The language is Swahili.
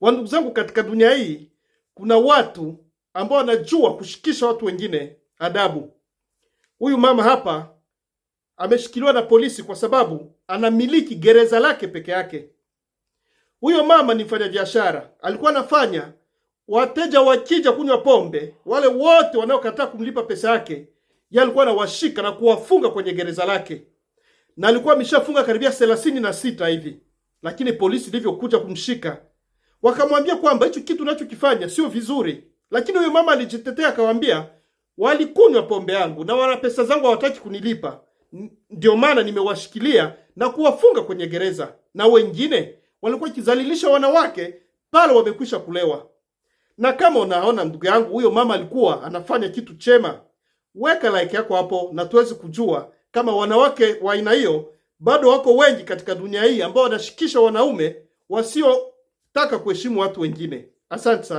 Wandugu zangu, katika dunia hii kuna watu ambao wanajua kushikisha watu wengine adabu. Huyu mama hapa ameshikiliwa na polisi kwa sababu anamiliki gereza lake peke yake. Huyo mama ni mfanyabiashara, alikuwa anafanya wateja wakija kunywa pombe, wale wote wanaokataa kumlipa pesa yake, yeye alikuwa anawashika na kuwafunga kwenye gereza lake, na alikuwa ameshafunga karibia thelathini na sita hivi, lakini polisi ilivyokuja kumshika wakamwambia kwamba hicho kitu unachokifanya sio vizuri, lakini huyo mama alijitetea akawambia, walikunywa pombe yangu na wana pesa zangu hawataki kunilipa, ndio maana nimewashikilia na kuwafunga kwenye gereza, na wengine walikuwa wakizalilisha wanawake pale wamekwisha kulewa. Na kama unaona ndugu yangu, huyo mama alikuwa anafanya kitu chema. Weka like yako hapo na tuweze kujua kama wanawake wa aina hiyo bado wako wengi katika dunia hii ambao wanashikisha wanaume wasio taka kuheshimu watu wengine. Asante sana.